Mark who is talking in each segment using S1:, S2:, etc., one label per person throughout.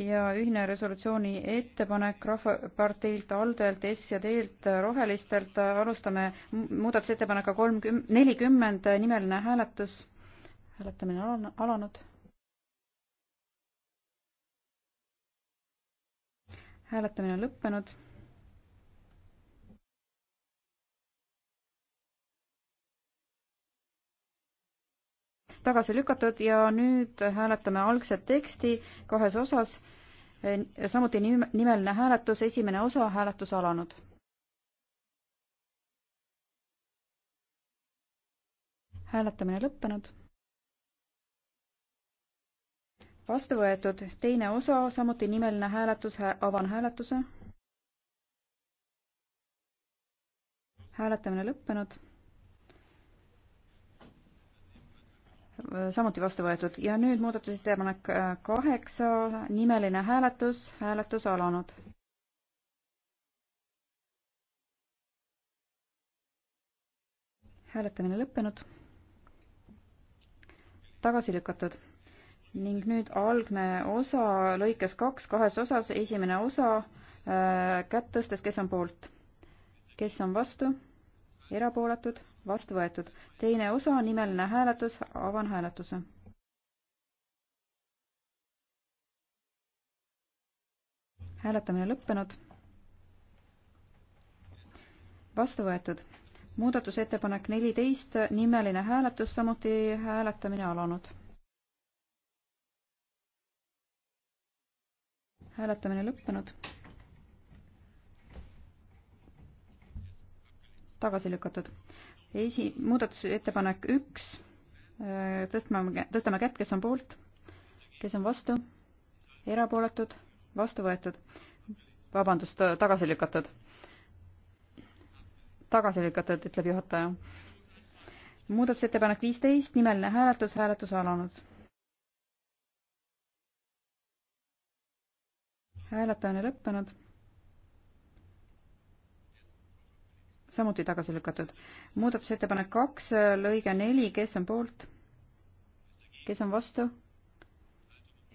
S1: ja ühine resolutsiooni ettepanek Rahvaparteilt, Aldelt, SJD-lt, Rohelistelt, alustame muudatusettepanekuga kolmkümmend, nelikümmend, nimeline hääletus. hääletamine on alanud. hääletamine on lõppenud tagasi lükatud ja nüüd hääletame algset teksti kahes osas. samuti nimeline hääletus, esimene osa, hääletus alanud. hääletamine lõppenud. vastu võetud teine osa, samuti nimeline hääletus, avan hääletuse hääletamine lõppenud samuti vastu võetud ja nüüd muudatusettepanek äh, kaheksa, nimeline hääletus, hääletus alanud. hääletamine lõppenud, tagasi lükatud ning nüüd algne osa lõikes kaks kahes osas, esimene osa äh, kätt tõstes, kes on poolt, kes on vastu, erapooletud vastu võetud. teine osa, nimeline hääletus, avan hääletuse. hääletamine lõppenud. vastu võetud. muudatusettepanek neliteist, nimeline hääletus, samuti hääletamine alanud. hääletamine lõppenud. tagasi lükatud esi, muudatusettepanek üks, tõstame, tõstame kätt, kes on poolt, kes on vastu, erapooletud, vastu võetud, vabandust, tagasi lükatud. tagasi lükatud, ütleb juhataja. muudatusettepanek viisteist, nimeline hääletus, hääletus alanud. hääletamine lõppenud samuti tagasi lükatud. muudatusettepanek kaks, lõige neli, kes on poolt? kes on vastu?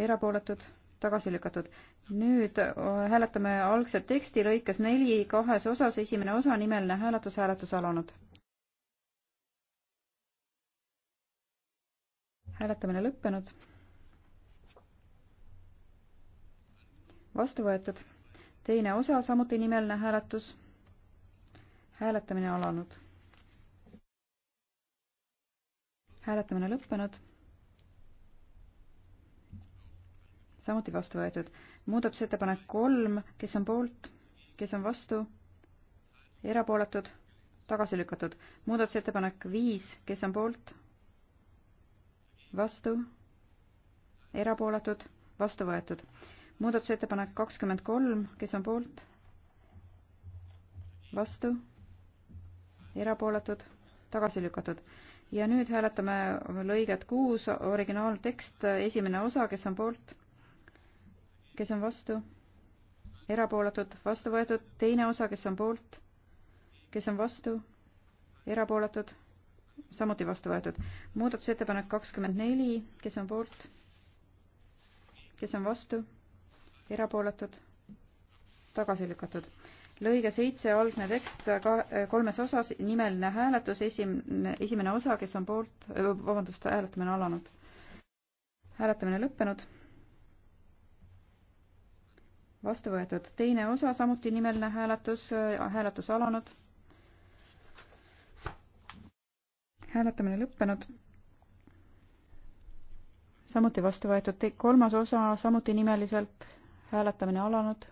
S1: erapooletud? tagasi lükatud. nüüd hääletame algset teksti lõikes neli kahes osas, esimene osa, nimeline hääletus, hääletus alanud. hääletamine lõppenud. vastu võetud. teine osa, samuti nimeline hääletus hääletamine alanud. hääletamine lõppenud. samuti vastu võetud. muudatusettepanek kolm, kes on poolt, kes on vastu, erapooletud, tagasi lükatud. muudatusettepanek viis, kes on poolt, vastu, erapooletud, vastu võetud muudatusettepanek kakskümmend kolm, kes on poolt? vastu? erapooletud, tagasi lükatud. ja nüüd hääletame lõiget kuus, originaaltekst, esimene osa, kes on poolt, kes on vastu, erapooletud, vastu võetud, teine osa, kes on poolt, kes on vastu, erapooletud, samuti vastu võetud. muudatusettepanek kakskümmend neli, kes on poolt, kes on vastu, erapooletud, tagasi lükatud lõige seitse, algne tekst ka, äh, kolmes osas, nimeline hääletus, esimene, esimene osa, kes on poolt, äh, vabandust, hääletamine alanud. hääletamine lõppenud. vastu võetud. teine osa, samuti nimeline hääletus, äh, hääletus alanud. hääletamine lõppenud. samuti vastu võetud. kolmas osa, samuti nimeliselt, hääletamine alanud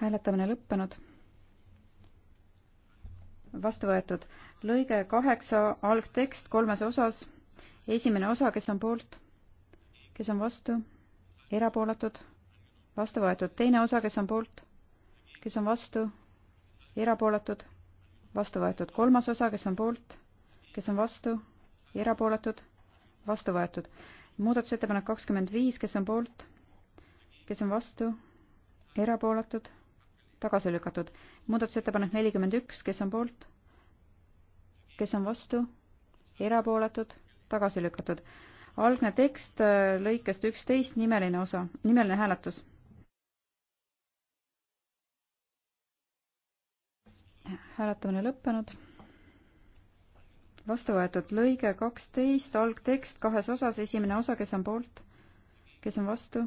S1: hääletamine lõppenud. vastu võetud. lõige kaheksa, algtekst kolmes osas. esimene osa, kes on poolt, kes on vastu, erapooletud, vastu võetud. teine osa, kes on poolt, kes on vastu, erapooletud, vastu võetud. kolmas osa, kes on poolt, kes on vastu, erapooletud, vastu võetud. muudatusettepanek kakskümmend viis, kes on poolt, kes on vastu, erapooletud, tagasi lükatud. muudatusettepanek nelikümmend üks, kes on poolt? kes on vastu? erapooletud? tagasi lükatud. algne tekst äh, lõikest üksteist, nimeline osa, nimeline hääletus. hääletamine lõppenud. vastu võetud lõige kaksteist, algtekst kahes osas, esimene osa, kes on poolt? kes on vastu?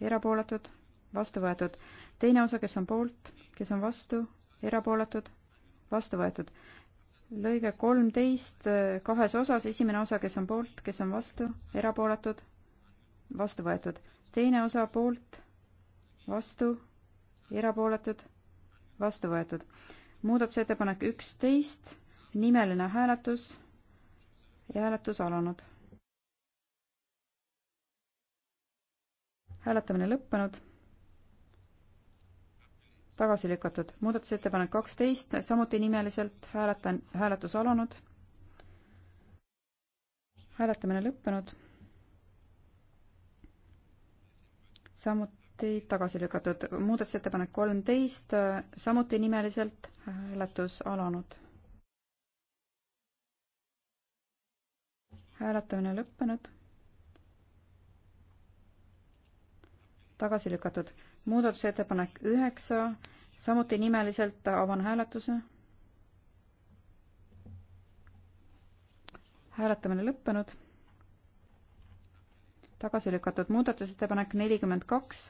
S1: erapooletud? vastu võetud teine osa, kes on poolt, kes on vastu, erapooletud, vastu võetud. lõige kolmteist kahes osas, esimene osa, kes on poolt, kes on vastu, erapooletud, vastu võetud. teine osa poolt, vastu, erapooletud, vastu võetud. muudatusettepanek üksteist, nimeline hääletus ja hääletus alanud. hääletamine lõppenud tagasi lükatud. muudatusettepanek kaksteist, samuti nimeliselt hääletan, hääletus alanud. hääletamine lõppenud. samuti tagasi lükatud. muudatusettepanek kolmteist, samuti nimeliselt hääletus alanud. hääletamine lõppenud. tagasi lükatud muudatusettepanek üheksa, samuti nimeliselt avan hääletuse. hääletamine lõppenud. tagasi lükatud muudatusettepanek nelikümmend kaks,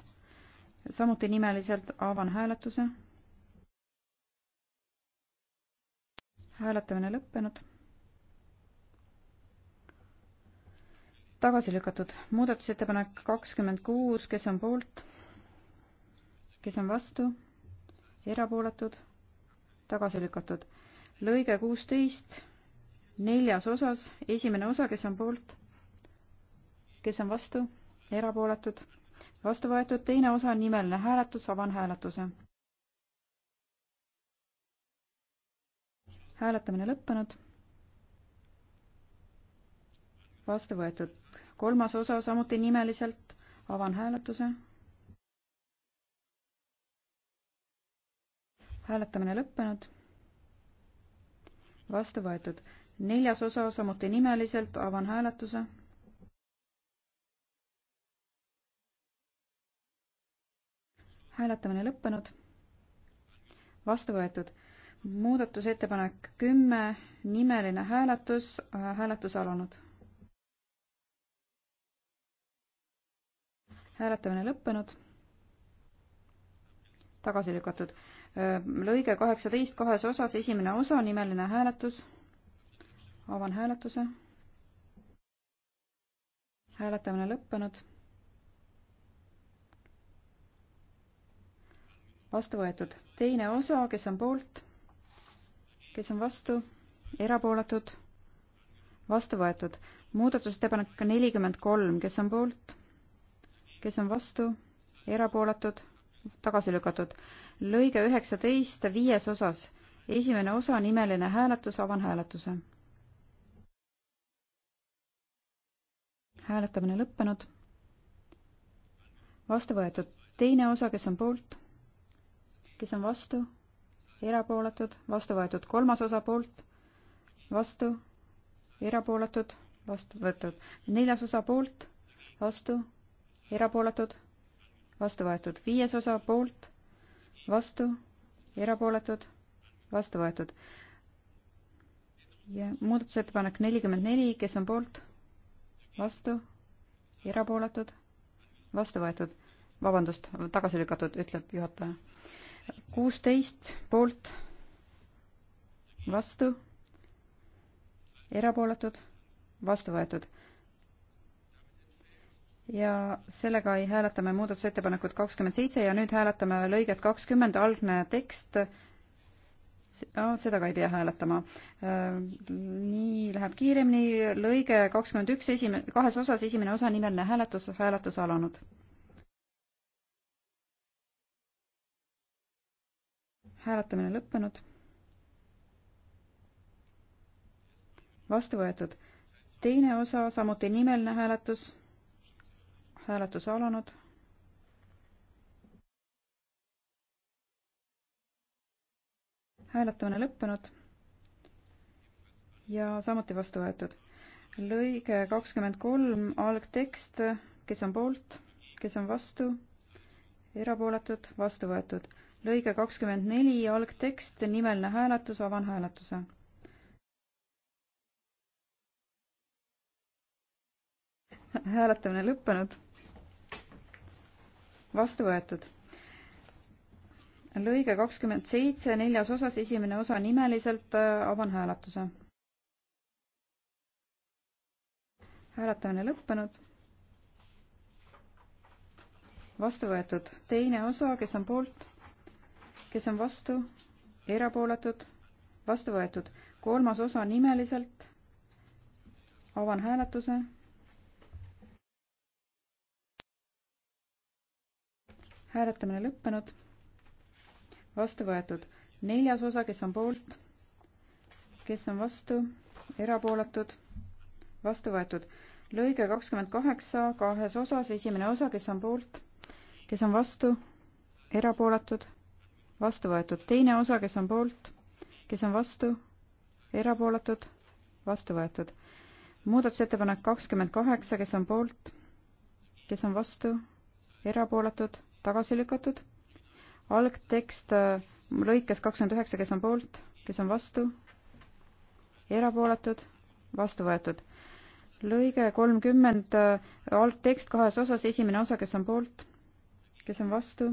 S1: samuti nimeliselt avan hääletuse. hääletamine lõppenud. tagasi lükatud muudatusettepanek kakskümmend kuus, kes on poolt? kes on vastu, erapooletud, tagasi lükatud. lõige kuusteist, neljas osas, esimene osa, kes on poolt, kes on vastu, erapooletud, vastu võetud, teine osa on nimeline hääletus, avan hääletuse. hääletamine lõppenud. vastu võetud, kolmas osa samuti nimeliselt, avan hääletuse hääletamine lõppenud. vastu võetud. neljas osa samuti nimeliselt, avan hääletuse. hääletamine lõppenud. vastu võetud. muudatusettepanek kümme, nimeline hääletus, hääletus alanud. hääletamine lõppenud. tagasi lükatud Äh, lõige kaheksateist kahes osas, esimene osa, nimeline hääletus. avan hääletuse. hääletamine lõppenud. vastu võetud. teine osa, kes on poolt, kes on vastu, erapooletud, vastu võetud. muudatusettepanek nelikümmend kolm, kes on poolt, kes on vastu, erapooletud tagasi lükatud. lõige üheksateist viies osas, esimene osa, nimeline hääletus, avan hääletuse. hääletamine lõppenud. vastu võetud teine osa, kes on poolt, kes on vastu, erapooletud, vastu võetud kolmas osa poolt, vastu, erapooletud, vastu võetud neljas osa poolt, vastu, erapooletud vastu võetud. viies osa poolt, vastu, erapooletud, vastu võetud. ja muudatusettepanek nelikümmend neli, kes on poolt, vastu, erapooletud, vastu võetud. vabandust, tagasi lükatud, ütleb juhataja. kuusteist poolt, vastu, erapooletud, vastu võetud ja sellega ei hääleta me muudatusettepanekut kakskümmend seitse ja nüüd hääletame lõiget kakskümmend, algne tekst. seda ka ei pea hääletama. Äh, nii läheb kiiremini, lõige kakskümmend üks, esimene, kahes osas esimene osa, nimeline hääletus, hääletus alanud. hääletamine lõppenud. vastu võetud. teine osa, samuti nimeline hääletus hääletus alanud. hääletamine lõppenud ja samuti vastu võetud. lõige kakskümmend kolm, algtekst, kes on poolt, kes on vastu, erapooletud, vastu võetud. lõige kakskümmend neli, algtekst, nimeline hääletus, avan hääletuse hääletamine lõppenud vastu võetud. lõige kakskümmend seitse, neljas osas, esimene osa nimeliselt, äh, avan hääletuse. hääletamine lõppenud. vastu võetud, teine osa, kes on poolt, kes on vastu, erapooletud, vastu võetud, kolmas osa nimeliselt, avan hääletuse hääletamine lõppenud, vastu võetud. neljas osa, kes on poolt, kes on vastu, erapooletud, vastu võetud. lõige kakskümmend kaheksa kahes osas, esimene osa, kes on poolt, kes on vastu, erapooletud, vastu võetud. teine osa, kes on poolt, kes on vastu, erapooletud, vastu võetud. muudatusettepanek kakskümmend kaheksa, kes on poolt, kes on vastu, erapooletud tagasi lükatud. algtekst äh, lõikes kakskümmend üheksa, kes on poolt, kes on vastu, erapooletud, vastu võetud. lõige kolmkümmend, äh, algtekst kahes osas, esimene osa, kes on poolt, kes on vastu,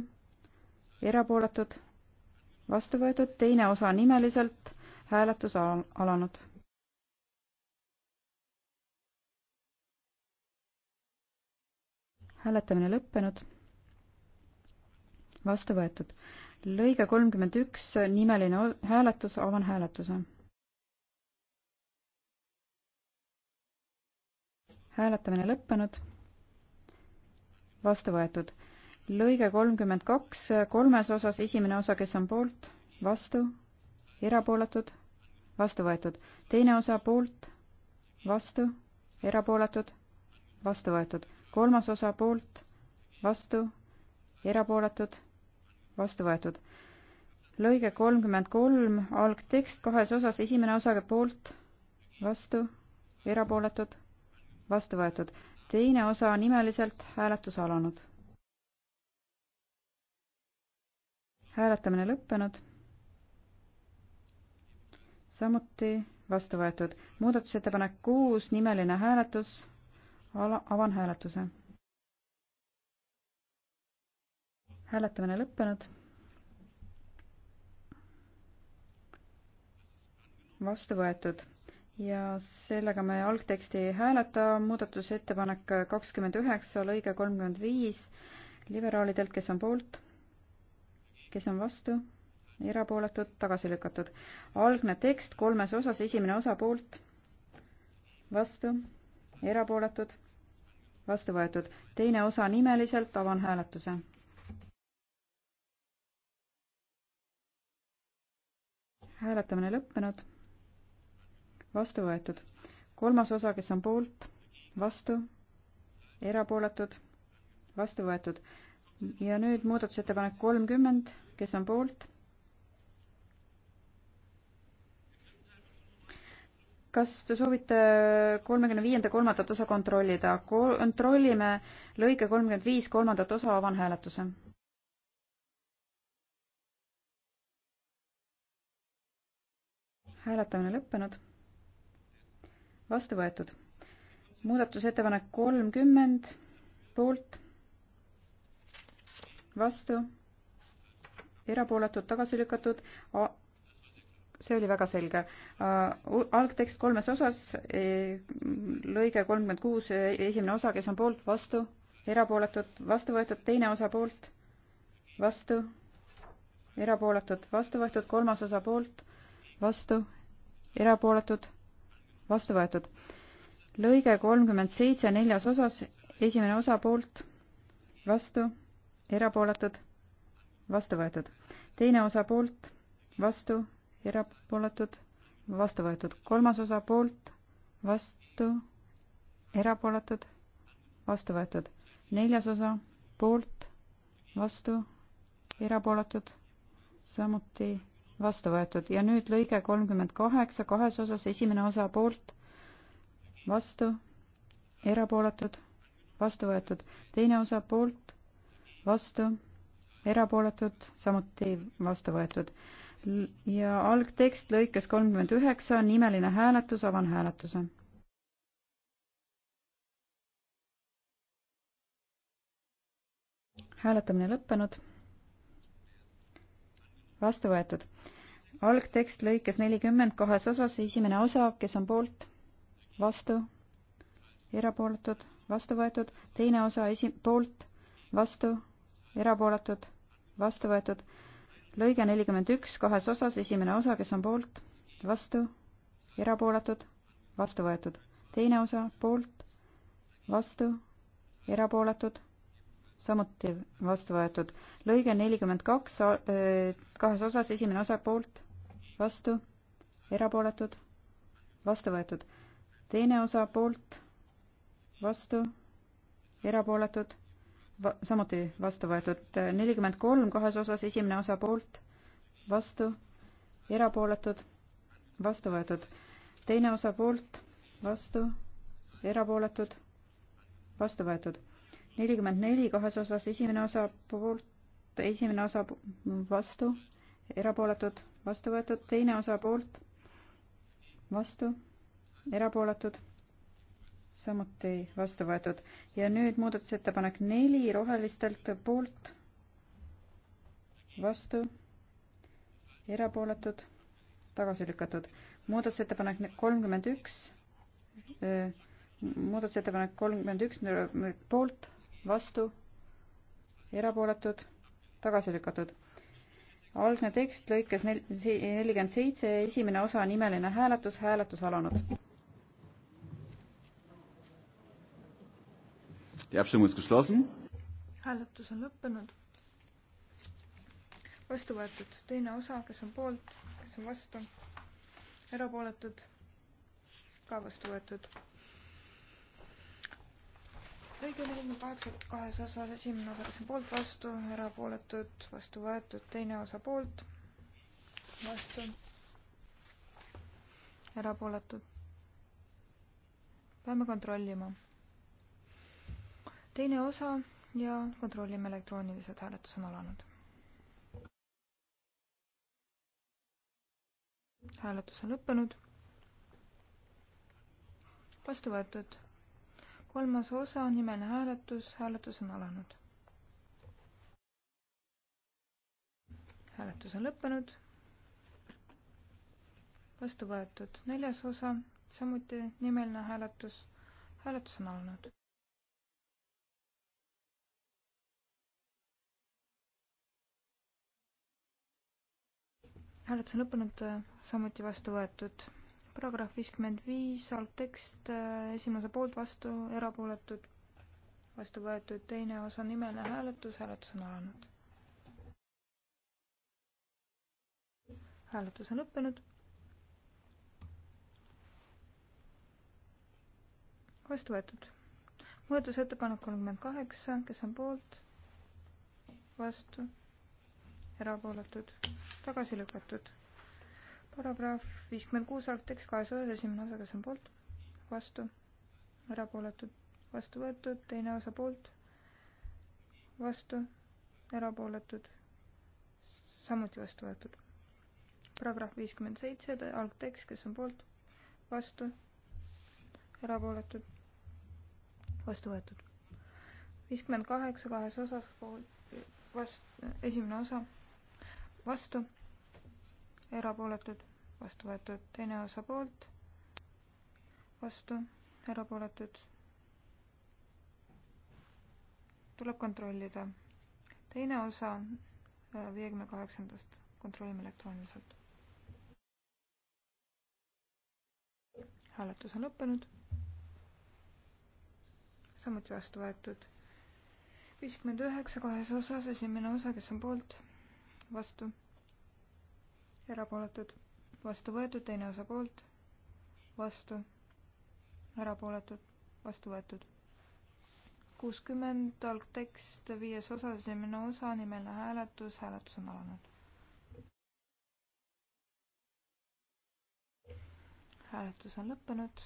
S1: erapooletud, vastu võetud, teine osa nimeliselt, hääletus alanud hääletamine lõppenud vastu võetud. lõige kolmkümmend üks, nimeline hääletus, avan hääletuse. hääletamine lõppenud. vastu võetud. lõige kolmkümmend kaks, kolmes osas esimene osa, kes on poolt, vastu, erapooletud, vastu võetud. teine osa poolt, vastu, erapooletud, vastu võetud. kolmas osa poolt, vastu, erapooletud, vastu võetud. lõige kolmkümmend kolm, algtekst kahes osas, esimene osa poolt, vastu, erapooletud, vastu võetud. teine osa nimeliselt hääletus alanud. hääletamine lõppenud. samuti vastu võetud. muudatusettepanek kuus, nimeline hääletus. ala, avan hääletuse hääletamine lõppenud. vastu võetud ja sellega me algteksti ei hääleta, muudatusettepanek kakskümmend üheksa, lõige kolmkümmend viis, liberaalidelt, kes on poolt, kes on vastu, erapooletud, tagasi lükatud. algne tekst kolmes osas, esimene osa poolt, vastu, erapooletud, vastu võetud. teine osa nimeliselt, avan hääletuse hääletamine lõppenud, vastu võetud. kolmas osa, kes on poolt, vastu, erapooletud, vastu võetud. ja nüüd muudatusettepanek kolmkümmend, kes on poolt kas te soovite kolmekümne viienda kolmandat osa kontrollida? kontrollime lõike kolmkümmend viis kolmandat osa, avan hääletuse hääletamine lõppenud. vastu võetud. muudatusettepanek kolmkümmend, poolt, vastu, erapooletud, tagasi lükatud. see oli väga selge. algtekst kolmes osas, e, lõige kolmkümmend kuus, e, esimene osa, kes on poolt, vastu, erapooletud, vastu võetud, teine osa poolt, vastu, erapooletud, vastu võetud, kolmas osa poolt vastu, erapooletud, vastu võetud. lõige kolmkümmend seitse neljas osas, esimene osa poolt, vastu, erapooletud, vastu võetud. teine osa poolt, vastu, erapooletud, vastu võetud. kolmas osa poolt, vastu, erapooletud, vastu võetud. neljas osa poolt, vastu, erapooletud, samuti vastu võetud ja nüüd lõige kolmkümmend kaheksa kahes osas, esimene osa poolt, vastu, erapooletud, vastu võetud, teine osa poolt, vastu, erapooletud, samuti vastu võetud. ja algtekst lõikes kolmkümmend üheksa, nimeline hääletus, avan hääletuse. hääletamine lõppenud vastu võetud. algtekst lõikes nelikümmend kahes osas, esimene osa, kes on poolt, vastu, erapooletud, vastu võetud, teine osa esi-, poolt, vastu, erapooletud, vastu võetud, lõige nelikümmend üks kahes osas, esimene osa, kes on poolt, vastu, erapooletud, vastu võetud, teine osa, poolt, vastu, erapooletud, samuti vastu võetud. lõige nelikümmend kaks äh, kahes osas, esimene osa poolt, vastu, erapooletud, vastu võetud. teine osa poolt, vastu, erapooletud, samuti vastu võetud. nelikümmend kolm kahes osas, esimene osa poolt, vastu, erapooletud, vastu võetud. teine osa poolt, vastu, erapooletud, vastu võetud nelikümmend neli kahes osas, esimene osa poolt, esimene osa vastu, erapooletud, vastu võetud, teine osa poolt, vastu, erapooletud, samuti vastu võetud. ja nüüd muudatusettepanek neli rohelistelt poolt, vastu, erapooletud, tagasi lükatud. muudatusettepanek kolmkümmend üks, äh, muudatusettepanek kolmkümmend üks poolt vastu, erapooletud, tagasi lükatud. algne tekst lõikes nelikümmend seitse, esimene osa nimeline hääletus, hääletus alanud.
S2: hääletus on lõppenud. vastu võetud teine osa, kes on poolt, kes on vastu, erapooletud, ka vastu võetud lõige nelikümmend kaheksa kahes osas, esimene osa, kes on poolt, vastu, erapooletud, vastu võetud, teine osa poolt, vastu, erapooletud. peame kontrollima. teine osa ja kontrollime elektrooniliselt, hääletus on alanud. hääletus on lõppenud. vastu võetud kolmas osa, nimeline hääletus, hääletus on alanud. hääletus on lõppenud. vastu võetud neljas osa, samuti nimeline hääletus, hääletus on alanud. hääletus on lõppenud, samuti vastu võetud paragrahv viiskümmend viis, algtekst, äh, esimese poolt vastu, erapooletud, vastu võetud, teine osa nimeline hääletus, hääletus on alanud. hääletus on lõppenud. vastu võetud. muudatusettepanek kolmkümmend kaheksa, kes on poolt, vastu, erapooletud, tagasi lükatud paragrahv viiskümmend kuus, artiklis kahes osas, esimene osa, kes on poolt, vastu, erapooletud, vastu võetud, teine osa poolt, vastu, erapooletud, samuti vastu võetud. paragrahv viiskümmend seitse, algtekst, kes on poolt, vastu, erapooletud, vastu võetud. viiskümmend kaheksa kahes osas, poolt, vastu, esimene osa, vastu erapooletud, vastu võetud, teine osa poolt, vastu, erapooletud. tuleb kontrollida. teine osa äh, viiekümne kaheksandast, kontrollime elektrooniliselt. hääletus on lõppenud. samuti vastu võetud viiskümmend üheksa kahes osas, esimene osa, kes on poolt, vastu erapooletud, vastu võetud, teine osa poolt, vastu, erapooletud, vastu võetud. kuuskümmend algtekst viies osas, esimene osa, nimeline hääletus, hääletus on alanud. hääletus on lõppenud,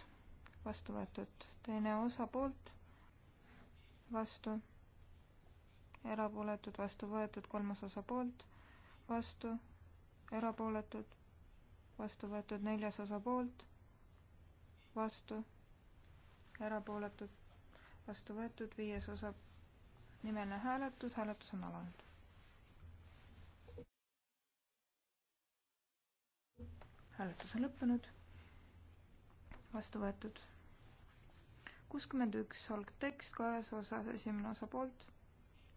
S2: vastu võetud, teine osa poolt, vastu, erapooletud, vastu võetud, kolmas osa poolt, vastu erapooletud, vastu võetud neljas osa poolt, vastu, erapooletud, vastu võetud viies osa nimeline hääletus, hääletus on alanud. hääletus on lõppenud, vastu võetud kuuskümmend üks algtekst kahes osas, esimene osa poolt,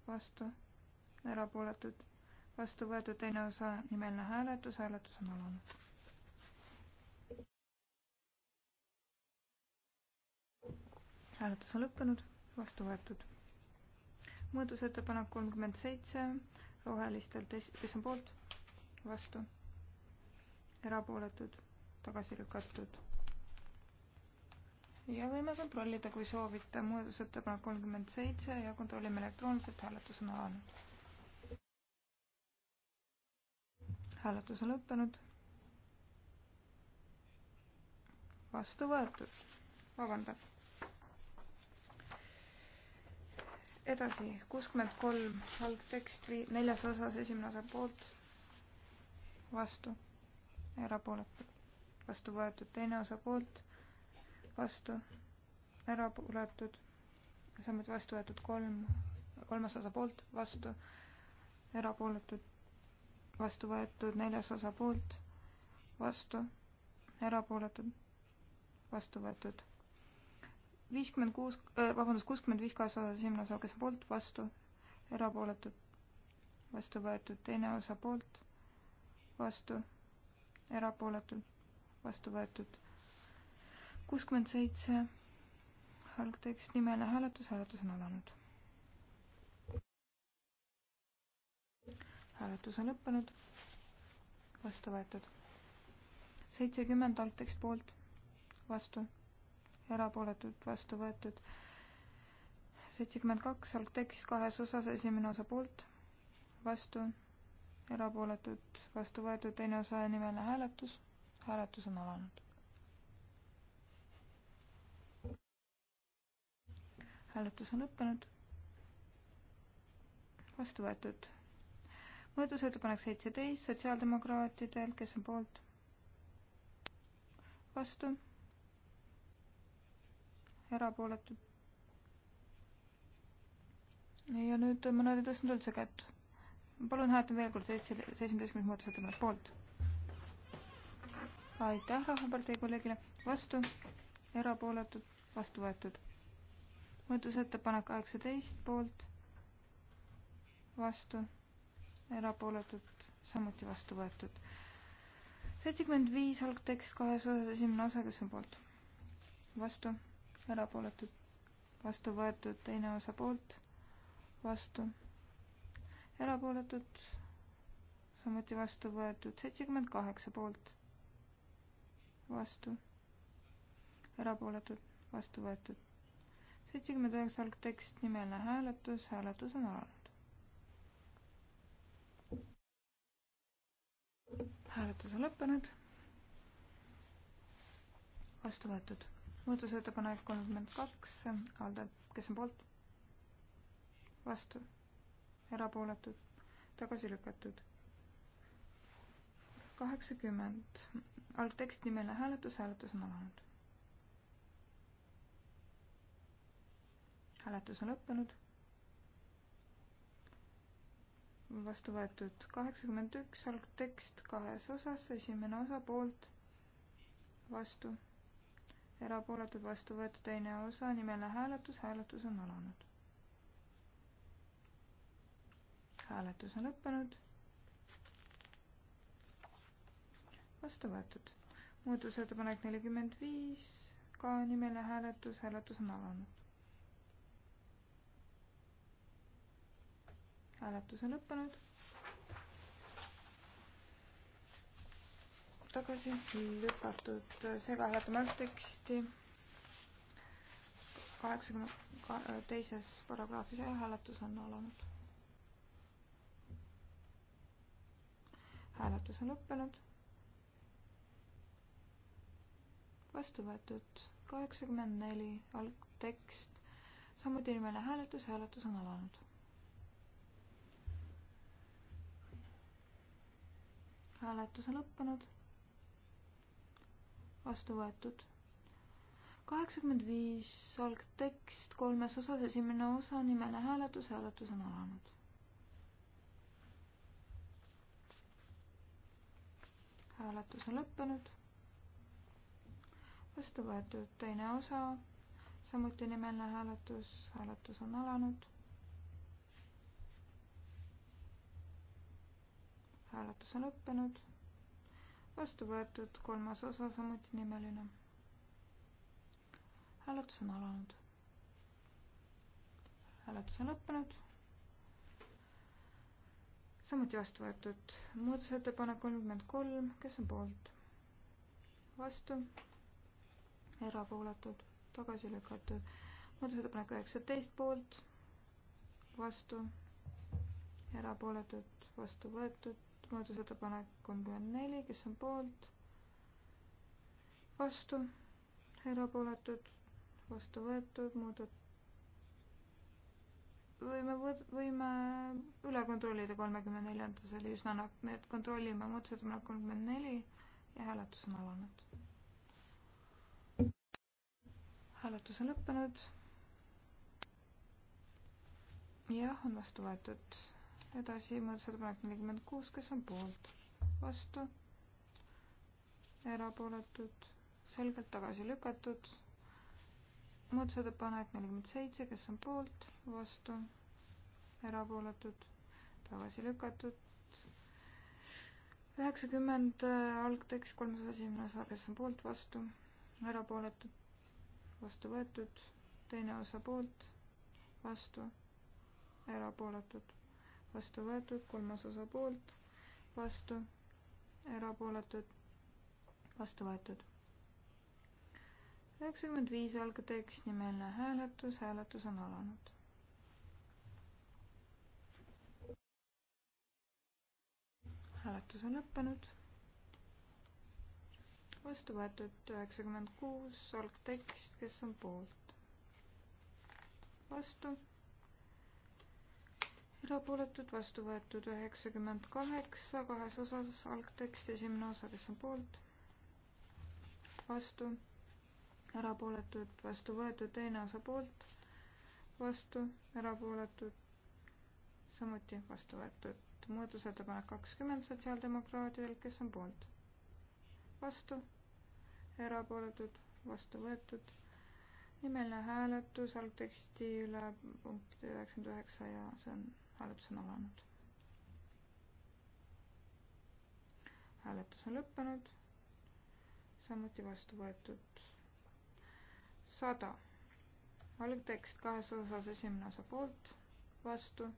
S2: vastu, erapooletud vastu võetud teine osa nimeline hääletus, hääletus on alanud. hääletus on lõppenud, vastu võetud. muudatusettepanek kolmkümmend seitse rohelistelt, kes on poolt, vastu, erapooletud, tagasi lükatud. ja võime kontrollida, kui soovite, muudatusettepanek kolmkümmend seitse ja kontrollime elektrooniliselt, hääletus on alanud hääletus on lõppenud. vastu võetud, vabandan. edasi, kuuskümmend kolm, algtekst vii-, neljas osas, esimene osa poolt, vastu, erapooletud, vastu võetud, teine osa poolt, vastu, erapooletud, samuti vastu võetud kolm, kolmas osa poolt, vastu, erapooletud, vastu võetud, neljas osa poolt, vastu, erapooletud, vastu võetud. viiskümmend kuus, äh, vabandust, kuuskümmend viis kaasa esimene osa, kes poolt, vastu, erapooletud, vastu võetud, teine osa poolt, vastu, erapooletud, vastu võetud. kuuskümmend seitse, algtekst, nimeline hääletus, hääletus on alanud hääletus on lõppenud, vastu võetud. seitsekümmend alteks poolt, vastu, erapooletud, vastu võetud. seitsekümmend kaks alteks kahes osas, esimene osa poolt, vastu, erapooletud, vastu võetud, teine osa nimeline hääletus, hääletus on alanud. hääletus on lõppenud vastu võetud muudatusettepanek seitseteist sotsiaaldemokraatidel, kes on poolt? vastu? erapooletud? ja nüüd mõned ei tõstnud üldse kätt. palun hääletame veel kord seitsmeteistkümnes muudatusettepanek poolt. aitäh Rahvapartei kolleegile, vastu, erapooletud, vastu võetud. muudatusettepanek kaheksateist poolt, vastu erapooletud, samuti vastu võetud. seitsekümmend viis algtekst kahes osas, esimene osa, kes on poolt? vastu, erapooletud, vastu võetud, teine osa poolt, vastu, erapooletud, samuti vastu võetud, seitsekümmend kaheksa poolt, vastu, erapooletud, vastu võetud. seitsekümmend üheksa algtekst, nimeline hääletus, hääletus on alanud. hääletus on lõppenud. vastu võetud. muudatusettepanek kolmkümmend kaks, Alde, kes on poolt? vastu, erapooletud, tagasi lükatud. kaheksakümmend, algtekst nimeline hääletus, hääletus on alanud. hääletus on lõppenud vastu võetud kaheksakümmend üks, algtekst kahes osas, esimene osa poolt, vastu, erapooletud, vastu võetud, teine osa, nimeline hääletus, hääletus on alanud. hääletus on lõppenud. vastu võetud. muudatusettepanek nelikümmend viis, ka nimeline hääletus, hääletus on alanud. hääletus on lõppenud. tagasi lükatud, seega hääletame teksti kaheksakümne teises paragrahvis ja hääletus on alanud. hääletus on lõppenud. vastu võetud kaheksakümmend neli algtekst, samuti nimeline hääletus, hääletus on alanud hääletus on lõppenud. vastu võetud. kaheksakümmend viis algtekst kolmes osas, esimene osa, nimeline hääletus, hääletus on alanud. hääletus on lõppenud. vastu võetud teine osa, samuti nimeline hääletus, hääletus on alanud hääletus on lõppenud. vastu võetud kolmas osa, samuti nimeline. hääletus on alanud. hääletus on lõppenud. samuti vastu võetud muudatusettepanek kolmkümmend kolm, kes on poolt? vastu, erapooletud, tagasi lükatud. muudatusettepanek üheksateist poolt, vastu, erapooletud, vastu võetud muudatusettepanek kolmkümmend neli, kes on poolt, vastu, erapooletud, vastu võetud, muudat-, võime, võime üle kontrollida kolmekümne neljandas, oli üsna nakk, nii et kontrollime muudatusettepanek kolmkümmend neli ja hääletus on alanud. hääletus on lõppenud. jah, on vastu võetud edasi muudatusettepanek nelikümmend kuus, kes on poolt, vastu, erapooletud, selgelt tagasi lükatud. muudatusettepanek nelikümmend seitse, kes on poolt, vastu, erapooletud, tagasi lükatud. üheksakümmend äh, algtekst, kolmesaja esimene osa, kes on poolt, vastu, erapooletud, vastu võetud, teine osa poolt, vastu, erapooletud vastu võetud, kolmas osa poolt, vastu, erapooletud, vastu võetud. üheksakümmend viis algtekst, nimeline hääletus, hääletus on alanud. hääletus on lõppenud. vastu võetud üheksakümmend kuus algtekst, kes on poolt? vastu erapooletud, vastu võetud üheksakümmend kaheksa, kahes osas algtekst, esimene osa, kes on poolt, vastu, erapooletud, vastu võetud, teine osa poolt, vastu, erapooletud, samuti vastu võetud. muudatusettepanek kakskümmend sotsiaaldemokraadidel, kes on poolt, vastu, erapooletud, vastu võetud nimeline hääletus algteksti üle punkt üheksakümmend üheksa ja see on hääletus on alanud. hääletus on lõppenud, samuti vastu võetud sada. algtekst kahes osas, esimene osa poolt, vastu,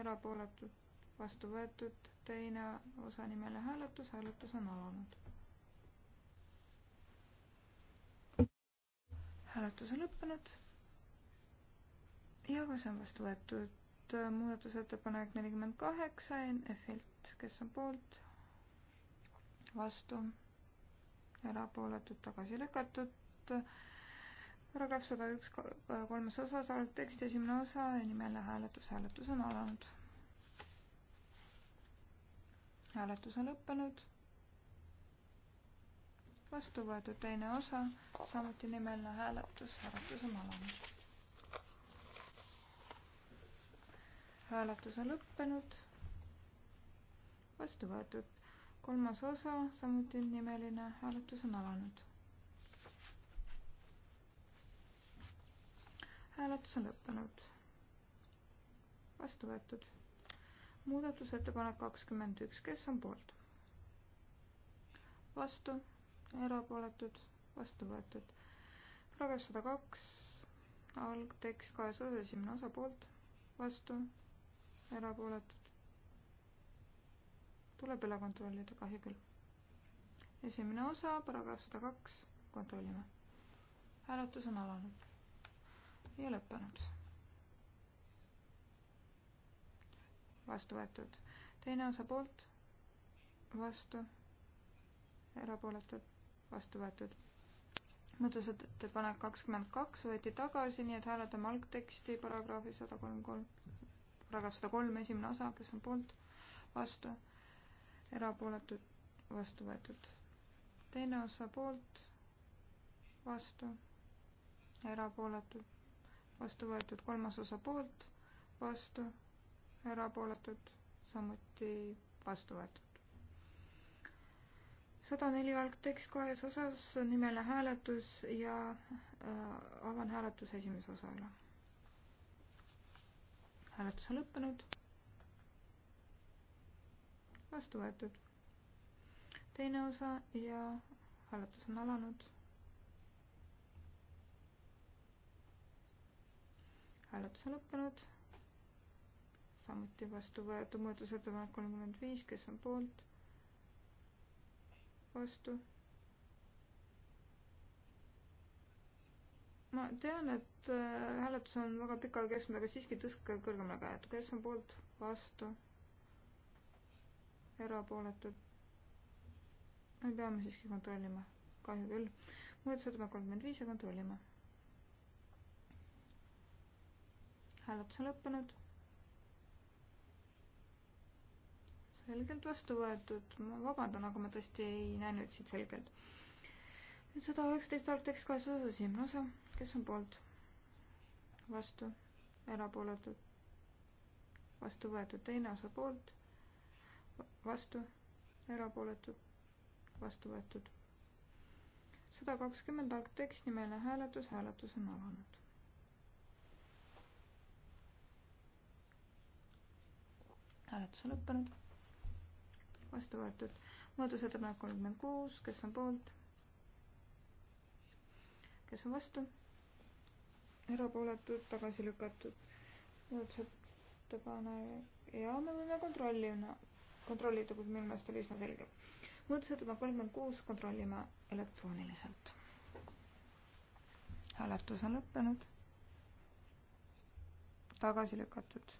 S2: erapooletud, vastu võetud, teine osa nimele hääletus, hääletus on alanud. hääletus on lõppenud ja ka see on vastu võetud nüüd äh, muudatusettepanek nelikümmend kaheksa NF-ilt, kes on poolt, vastu, erapooletud, tagasi lükatud. paragrahv sada üks äh, kolmas osas, algtekst esimene osa ja nimeline hääletus, hääletus on alanud. hääletus on lõppenud. vastu võetud teine osa, samuti nimeline hääletus, hääletus on alanud hääletus on lõppenud. vastu võetud. kolmas osa, samuti nimeline hääletus on alanud. hääletus on lõppenud. vastu võetud. muudatusettepanek kakskümmend üks, kes on poolt? vastu, erapooletud, vastu võetud. paragrahv sada kaks, algtekst kahes osas, esimene osa poolt, vastu erapooletud. tuleb üle kontrollida, kahju küll. esimene osa, paragrahv sada kaks, kontrollime. hääletus on alanud ja lõppenud. vastu võetud. teine osa poolt, vastu, erapooletud, vastu võetud muudatusettepanek kakskümmend kaks võeti tagasi, nii et hääletame algteksti paragrahvi sada kolm kolm paragrahv sada kolm, esimene osa, kes on poolt, vastu, erapooletud, vastu võetud. teine osa poolt, vastu, erapooletud, vastu võetud, kolmas osa poolt, vastu, erapooletud, samuti vastu võetud. sada neli algtekst kahes osas, nimele hääletus ja äh, avan hääletuse esimese osa üle hääletus on lõppenud. vastu võetud. teine osa ja hääletus on alanud. hääletus on lõppenud. samuti vastu võetud muudatusettepanek kolmkümmend viis, kes on poolt? vastu. ma tean, et et äh, hääletus on väga pika ja keskmine, aga siiski tõstke kõrgemale käed. kes on poolt, vastu, erapooletud? me peame siiski kontrollima, kahju küll. muudatusettepanek kolmkümmend viis ja kontrollime. hääletus on lõppenud. selgelt vastu võetud, ma vabandan, aga ma tõesti ei näinud siit selgelt. nüüd sada üheksateist arvtekst kahes osas, esimene osa, kes on poolt? vastu, erapooletud, vastu võetud, teine osa poolt, vastu, erapooletud, vastu võetud. sada kakskümmend algtekst, nimeline hääletus, hääletus on alanud. hääletus on lõppenud, vastu võetud. muudatusettepanek kolmkümmend kuus, kes on poolt? kes on vastu? erapooletud, tagasi lükatud. muudatusettepanek ja me võime kontrollida, kontrollida, kuid minu meelest oli üsna selge. muudatusettepanek kolmkümmend kuus, kontrollime elektrooniliselt. hääletus on lõppenud. tagasi lükatud.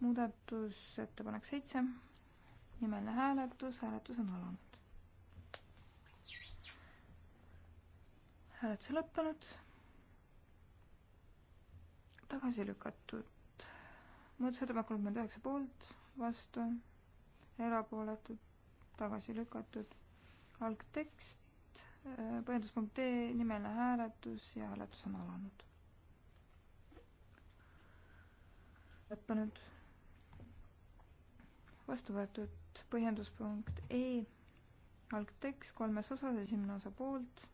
S2: muudatusettepanek seitse, nimeline hääletus, hääletus on alanud. hääletus lõppenud tagasi lükatud. muudatusettepanek kolmkümmend üheksa poolt, vastu, erapooletud, tagasi lükatud. algtekst, äh, põhjenduspunkt D, nimeline hääletus ja hääletus on alanud. lõppenud. vastu võetud põhjenduspunkt E, algtekst kolmes osas, esimene osa poolt,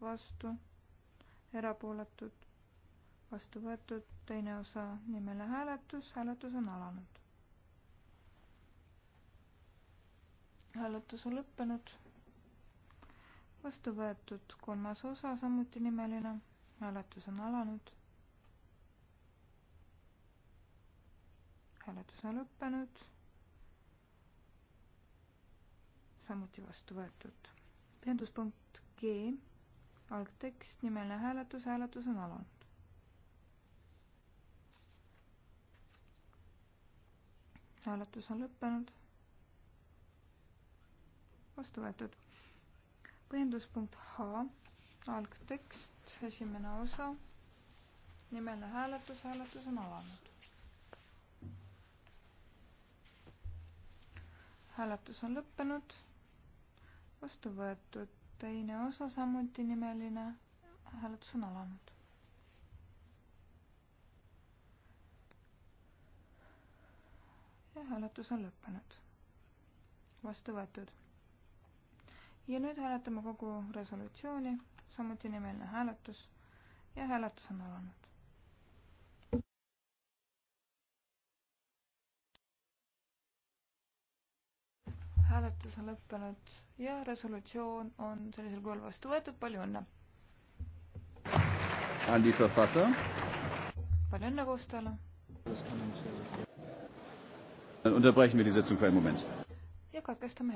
S2: vastu, erapooletud, vastu võetud, teine osa nimele hääletus, hääletus on alanud. hääletus on lõppenud. vastu võetud kolmas osa, samuti nimeline, hääletus on alanud. hääletus on lõppenud. samuti vastu võetud. põhjenduspunkt G, algtekst, nimeline hääletus, hääletus on alanud. hääletus on lõppenud. vastu võetud. põhjenduspunkt H, algtekst, esimene osa, nimeline hääletus, hääletus on alanud. hääletus on lõppenud. vastu võetud teine osa, samuti nimeline hääletus on alanud. ja hääletus on lõppenud. vastu võetud. ja nüüd hääletame kogu resolutsiooni, samuti nimeline hääletus ja hääletus on alanud. hääletus on lõppenud ja resolutsioon on sellisel kujul vastu võetud, palju õnne! palju õnne koostööle! ja katkestame hetkel.